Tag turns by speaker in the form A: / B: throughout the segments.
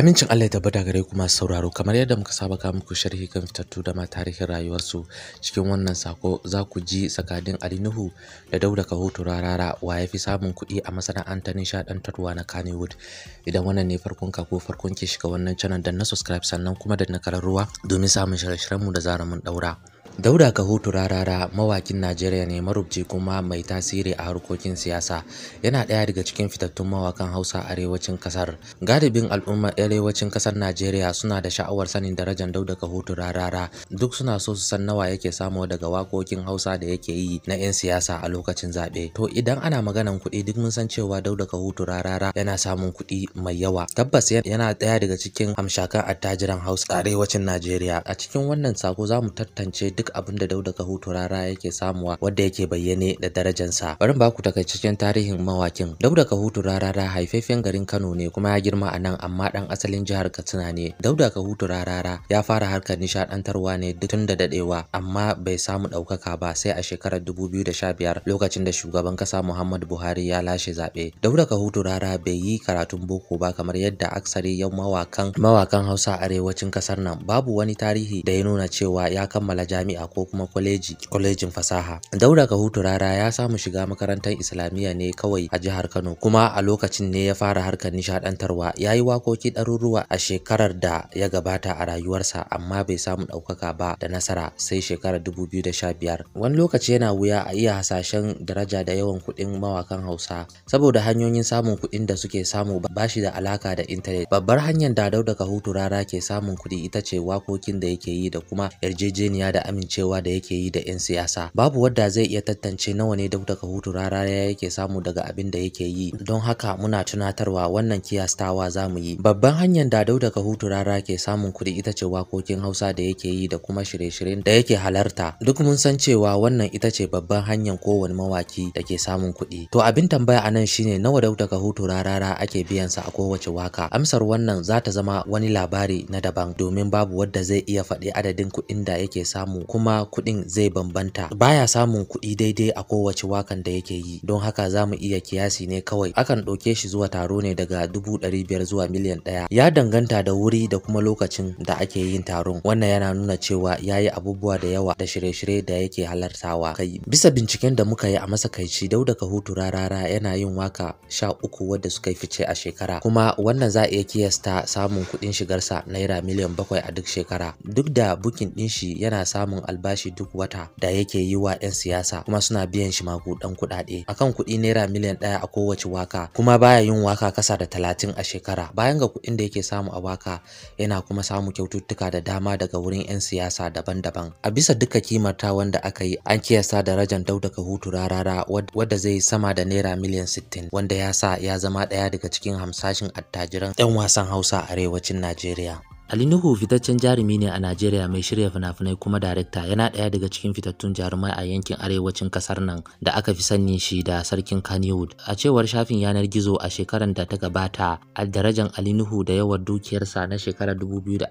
A: Amincin Allah ya tabbata gare ku sauraro kamar yadda muka saba ka muku sharhi kan fitattu da ma tarihin rayuwarsu cikin wannan sako za ku ji tsakanin Ali Nuhu da Dauda Kahoto Rarara wa ya fi samun kuɗi a masana'antar nishaɗantarwa na Kannywood idan wannan ne farkon ka ko farkon ke shiga wannan channel dan na subscribe sannan kuma da na ruwa domin samun shirye-shiryenmu da zarar mun daura. Dauda Kahutu Rarara mawakin Najeriya ne marubci kuma mai tasiri a harkokin siyasa yana ɗaya daga cikin fitattun mawakan Hausa a arewacin kasar. Galibin al'ummar arewacin kasar Najeriya suna da sha'awar sanin darajar Dauda Kahutu Rarara duk suna so su san nawa yake samu daga wakokin Hausa da yake yi na 'yan siyasa a lokacin zaɓe. To idan ana maganan kuɗi duk mun san cewa Dauda Kahutu Rarara yana samun kuɗi mai yawa. Tabbas yana ɗaya daga cikin hamshakan attajiran Hausa arewacin Najeriya. A cikin wannan sako za mu tantance duk abin da Dauda Kahutu Rara yake samuwa wanda yake bayyane da darajarsa. Bari ba ku takaitaccen tarihin mawakin. Dauda Kahutu Rarara haifafen garin Kano ne kuma ya girma a nan amma dan asalin jihar Katsina ne. Dauda Kahutu rara ya fara harkar nishadantarwa ne duk tun da dadewa amma bai samu daukaka ba sai a shekarar 2015 lokacin da shugaban kasa Muhammadu Buhari ya lashe zabe. Dauda Kahutu Rara bai yi karatun boko ba kamar yadda aksari yau mawakan mawakan Hausa arewacin kasar nan. Babu wani tarihi da ya nuna cewa ya kammala jami'a jami'a ko kuma kwaleji kwalejin fasaha daura ga hutu rara ya samu shiga makarantar islamiyya ne kawai a jihar kano kuma a lokacin ne ya fara harkar nishadantarwa ya yi wakoki ɗaruruwa a shekarar da ya gabata a rayuwarsa amma bai samu ɗaukaka ba da nasara sai shekarar 2015 wani lokaci yana wuya a iya hasashen daraja da yawan kuɗin mawakan hausa saboda hanyoyin samun kuɗin da suke samu ba shi da alaka da intanet babbar hanyar da ga hutu rara ke samun kuɗi ita ce wakokin da yake yi da kuma yarjejeniya da amin amincewa da yake yi da 'yan siyasa babu wadda zai iya tantance nawa ne daga hutu rara yake samu daga abin da yake yi don haka muna tunatarwa wannan kiyastawa zamu yi babban hanyar da daga hutu rara ke samun kuɗi ita ce wakokin Hausa da yake yi da kuma shirye-shiryen da yake halarta duk mun san cewa wannan ita ce babban hanyar kowane mawaki da ke samun kuɗi to abin tambaya anan shine nawa daga hutu rara ake biyan sa a kowace waka amsar wannan za ta zama wani labari na daban domin babu wadda zai iya faɗi adadin kuɗin da yake samu kuma kuɗin zai bambanta baya samun kuɗi daidai a kowace wakan da yake yi don haka za mu iya kiyasi ne kawai akan ɗauke shi zuwa taro ne daga dubu ɗari biyar zuwa miliyan ɗaya ya danganta da wuri da kuma lokacin da ake yin taron wannan yana nuna cewa ya yi abubuwa da yawa da shirye-shirye da yake halartawa kai bisa binciken da muka yi a masa masakaici dauda kahutu rarara yana yin waka sha uku wadda suka yi fice a shekara kuma wannan za a iya kiyasta samun kuɗin shigarsa naira miliyan bakwai a duk shekara duk da bukin ɗin shi yana samun samun albashi duk wata da yake yi wa 'yan siyasa kuma suna biyan shi makudan kuɗaɗe akan kuɗi naira miliyan ɗaya a kowace waka kuma baya yin waka kasa da talatin a shekara bayan ga kuɗin da yake samu a waka yana kuma samu kyaututtuka da dama daga wurin 'yan siyasa daban-daban a bisa duka kimarta wanda aka yi an kiyasta darajar dauda hutu rarara wadda zai sama da naira miliyan 60 wanda ya sa ya zama ɗaya daga cikin hamsashin attajiran 'yan wasan hausa a arewacin najeriya Ali Nuhu fitaccen jarumi ne a Najeriya mai shirya fina-finai kuma darekta yana ɗaya daga cikin fitattun jarumai a yankin arewacin kasar nan da aka fi sanin shi da sarkin Kannywood. A cewar shafin yanar gizo a shekarar da ta gabata, a darajan Ali Nuhu da yawar dukiyarsa na shekarar 2021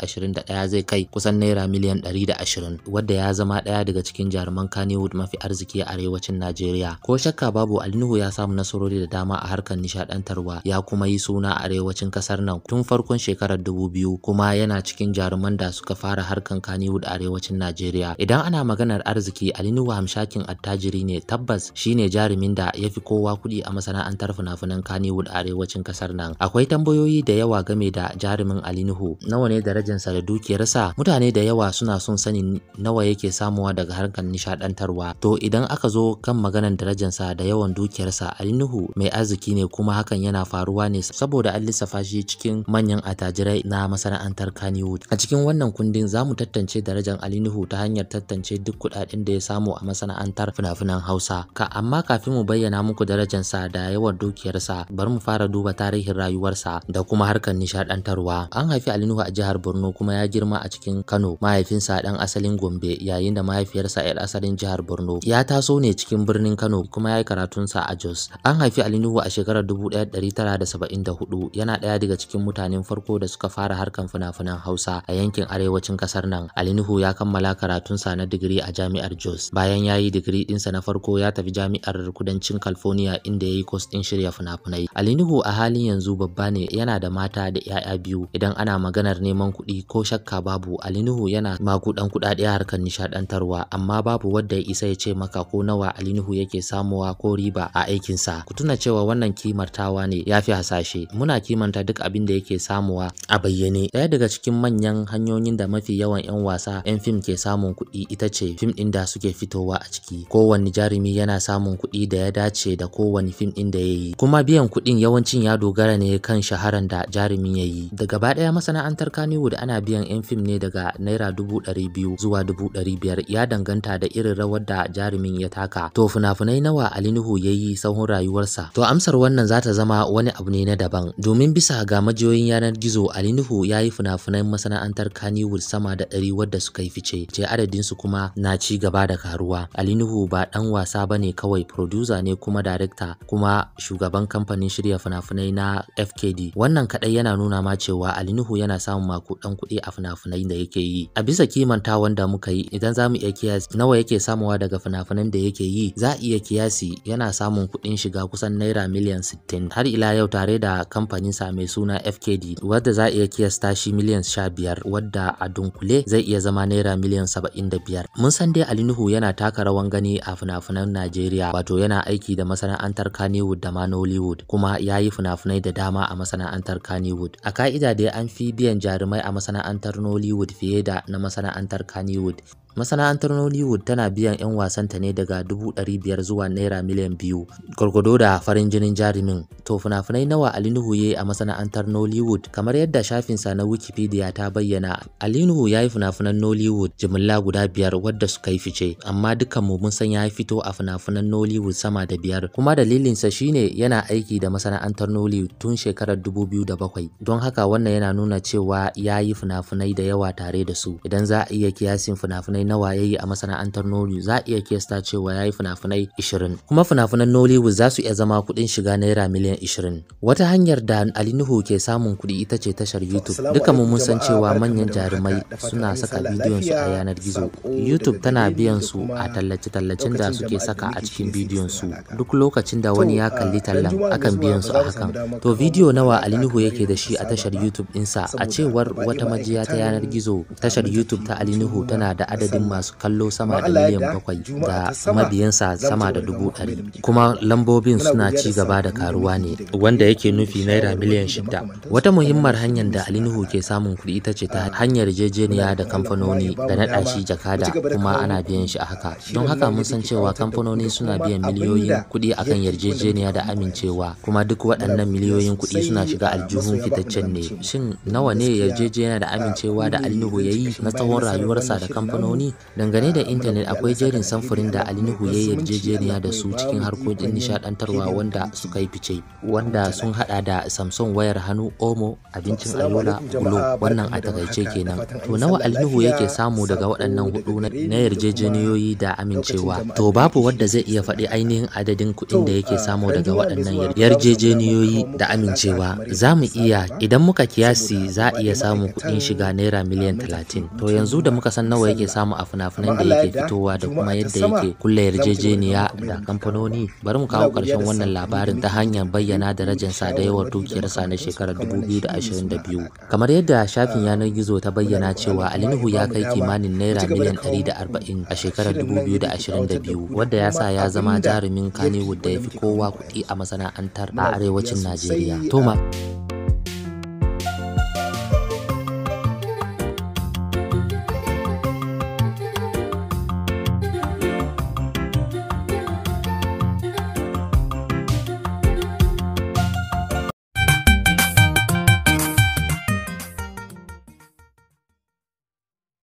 A: zai kai kusan naira miliyan 120 wadda ya zama ɗaya daga cikin jaruman Kannywood mafi arziki a arewacin Najeriya. Ko shakka babu Ali Nuhu ya samu nasarori da dama a harkar nishaɗantarwa ya kuma yi suna a arewacin kasar nan tun farkon shekarar 2000 kuma yana yana cikin jaruman da suka fara harkan Kannywood a arewacin Najeriya. Idan ana maganar arziki Alinuwa Hamshakin attajiri ne tabbas shine jarumin da ya fi kowa kuɗi a masana'antar fina-finan Kannywood arewacin kasar nan. Akwai tambayoyi da yawa game da jarumin Alinuhu nawa ne darajarsa da dukiyarsa mutane da yawa suna son sanin nawa yake samuwa daga harkan nishadantarwa. To idan aka zo kan maganar darajarsa da yawan dukiyarsa Alinuhu mai arziki ne kuma hakan yana faruwa ne saboda an lissafa shi cikin manyan attajirai na masana'antar Kannywood. A cikin wannan kundin za mu tattance darajar Ali ta hanyar tattance duk kuɗaɗen da ya samu a masana'antar fina-finan Hausa. Ka amma kafin mu bayyana muku sa da yawan dukiyarsa, bari mu fara duba tarihin rayuwarsa da kuma harkar nishaɗantarwa. An haifi Ali a jihar Borno kuma ya girma a cikin Kano. Mahaifinsa dan asalin Gombe yayin da mahaifiyarsa 'yar asalin jihar Borno. Ya taso ne cikin birnin Kano kuma ya yi karatunsa a Jos. An haifi Ali a shekarar 1974 yana ɗaya daga cikin mutanen farko da suka fara harkar fina-finan mutanen Hausa a yankin arewacin kasar nan. Ali Nuhu ya kammala karatunsa na digiri a Jami'ar Jos. Bayan ya yi digiri ɗinsa na farko ya tafi Jami'ar Kudancin California inda ya yi kos ɗin shirya fina-finai. Ali Nuhu a halin yanzu babba ne yana da mata da 'ya'ya biyu. Idan ana maganar neman kuɗi ko shakka babu Ali Nuhu yana makuɗan kuɗaɗe harkar nishaɗantarwa amma babu wanda ya isa ya ce maka ko nawa Ali Nuhu yake samuwa ko riba a aikinsa. Ku tuna cewa wannan kimartawa ne ya fi hasashe. Muna kimanta duk abin da yake samuwa a bayyane. Ɗaya daga cikin manyan hanyoyin da mafi yawan 'yan wasa 'yan fim ke samun kuɗi ita ce fim ɗin da suke fitowa a ciki kowane jarumi yana samun kuɗi da ya dace da kowane fim ɗin da ya yi kuma biyan kuɗin yawancin ya dogara ne kan shaharan da jarumin ya yi da gaba masana'antar kanewood ana biyan 'yan fim ne daga naira dubu ɗari biyu zuwa dubu ɗari biyar ya danganta da irin rawar da jarumin ya taka to fina-finai nawa Ali Nuhu ya yi sahun rayuwarsa to amsar wannan za ta zama wani abu ne na daban domin bisa ga majiyoyin yanar gizo Ali Nuhu ya yi fina fina-finan masana'antar Kannywood sama da ɗari wadda suka yi fice, ce adadinsu kuma na ci gaba da karuwa. Ali Nuhu ba ɗan wasa ba ne kawai producer ne kuma director kuma shugaban kamfanin shirya fina-finai na FKD. Wannan kaɗai yana nuna ma cewa Ali Nuhu yana samun ɗan kuɗi a fina-finai da yake yi. A bisa kimanta wanda muka yi idan za mu iya kiyasi nawa yake samuwa daga fina-finan da yake yi za a iya kiyasi yana samun kuɗin shiga kusan naira miliyan 60 har ila yau tare da kamfaninsa mai suna FKD wadda za a iya kiyasta shi miliyan miliyan 15 wadda a dunkule zai iya zama naira miliyan saba'in da biyar. Mun san dai Ali Nuhu yana taka rawan gani a fina-finan Najeriya wato yana aiki da masana'antar Kannywood da ma Nollywood kuma ya yi fina-finai da dama a masana'antar Kannywood. A ka'ida dai an fi biyan jarumai a masana'antar Nollywood fiye da na masana'antar Kannywood. Masana'antar Nollywood tana biyan 'yan wasanta ne daga 500,000 zuwa Naira miliyan biyu, gwargwado da farin jinin jarumin. To fina-finai nawa alinuhu ya yi a masana'antar Nollywood? Kamar yadda shafinsa na Wikipedia ta bayyana, alinuhu ya yi fina-finan Nollywood jimilla guda biyar wadda suka yi fice, amma mu mun san ya fito a fina-finan Nollywood sama da biyar, kuma dalilinsa shine yana aiki da masana'antar Nollywood tun shekarar 2007. Don haka wannan yana nuna cewa ya yi fina-finai da yawa tare da su, idan za a iya kiyasin fina fina-finai na yi a masana'antar Nollywood za a iya kesta cewa ya yi fina-finai 20. Kuma fina-finan Nollywood za su iya zama kuɗin shiga naira miliyan 20. Wata hanyar da Ali Nuhu ke samun kuɗi ita ce tashar YouTube. Duka mu mun san cewa manyan jarumai suna saka bidiyon su a yanar gizo. YouTube tana biyan su a tallace-tallacen da suke saka a cikin bidiyon su. Duk lokacin da wani ya kalli tallan akan biyan su a hakan. To bidiyo nawa Ali Nuhu yake da shi a tashar YouTube ɗinsa a cewar wata majiya ta yanar gizo tashar YouTube ta Ali Nuhu tana da adadin adadin masu kallo sama da miliyan bakwai da mabiyansa sama da dubu ɗari kuma lambobin suna ci gaba da karuwa ne wanda yake nufi naira miliyan shida wata muhimmar hanyar da alinuhu ke samun kuɗi ita ce ta hanyar jejeniya da kamfanoni da naɗa shi jakada kuma ana biyan shi a haka don haka mun san cewa kamfanoni suna biyan miliyoyin kuɗi akan yarjejeniya da amincewa kuma duk waɗannan miliyoyin kuɗi suna shiga aljihun fitaccen ne shin nawa ne yarjejeniya da amincewa da alinuhu ya yi na tsawon rayuwarsa da kamfanoni rauni dangane da intanet akwai jerin samfurin da nuhu ya yarjejeniya da su cikin harkokin nishadantarwa wanda suka yi fice wanda sun hada da samson wayar hannu omo abincin ayola gulo wannan a takaice kenan to nawa nuhu yake samu daga waɗannan hudu na yarjejeniyoyi da amincewa to babu wanda zai iya faɗi ainihin adadin kuɗin da yake samu daga waɗannan yarjejeniyoyi da amincewa za mu iya idan muka kiyasi za a iya samun kuɗin shiga naira miliyan talatin, to yanzu da muka san nawa yake samu samu a fina-finan da yake fitowa da kuma yadda yake kulle yarjejeniya da kamfanoni bari mu kawo karshen wannan labarin ta hanyar bayyana sa da yawan dukiyarsa na shekarar 2022 kamar yadda shafin ah, yanar gizo ta bayyana cewa alinuhu ya kai kimanin naira miliyan 140 a shekarar 2022 wadda ya sa ya zama jarumin kanewood da ya fi kowa kuɗi a masana'antar a arewacin najeriya